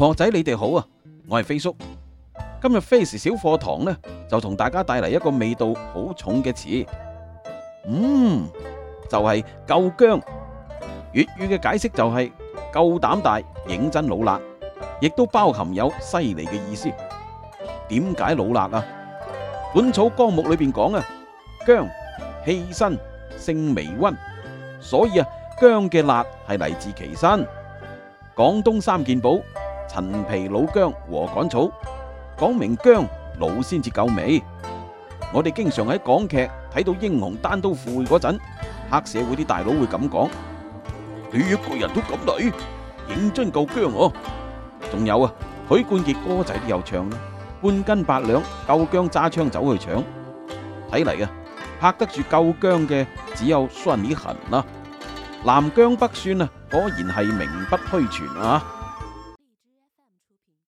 同學仔，你哋好啊！我係飛叔，今日 Face 小課堂呢就同大家帶嚟一個味道好重嘅詞，嗯，就係夠薑。粵語嘅解釋就係夠膽大、認真老辣，亦都包含有犀利嘅意思。點解老辣啊？《本草綱目》裡面裏邊講啊，薑氣身性微温，所以啊，薑嘅辣係嚟自其身。廣東三件寶。陳皮老薑和趕草，講明薑老先至夠味。我哋經常喺港劇睇到英雄單刀赴會嗰陣，黑社會啲大佬會咁講：你一個人都敢嚟，認真夠薑哦。仲有啊，許冠傑歌仔都有唱半斤八兩夠薑揸槍走去搶。睇嚟啊，拍得住夠薑嘅只有孫二恒啦。南薑北蒜啊，果然係名不虛傳啊！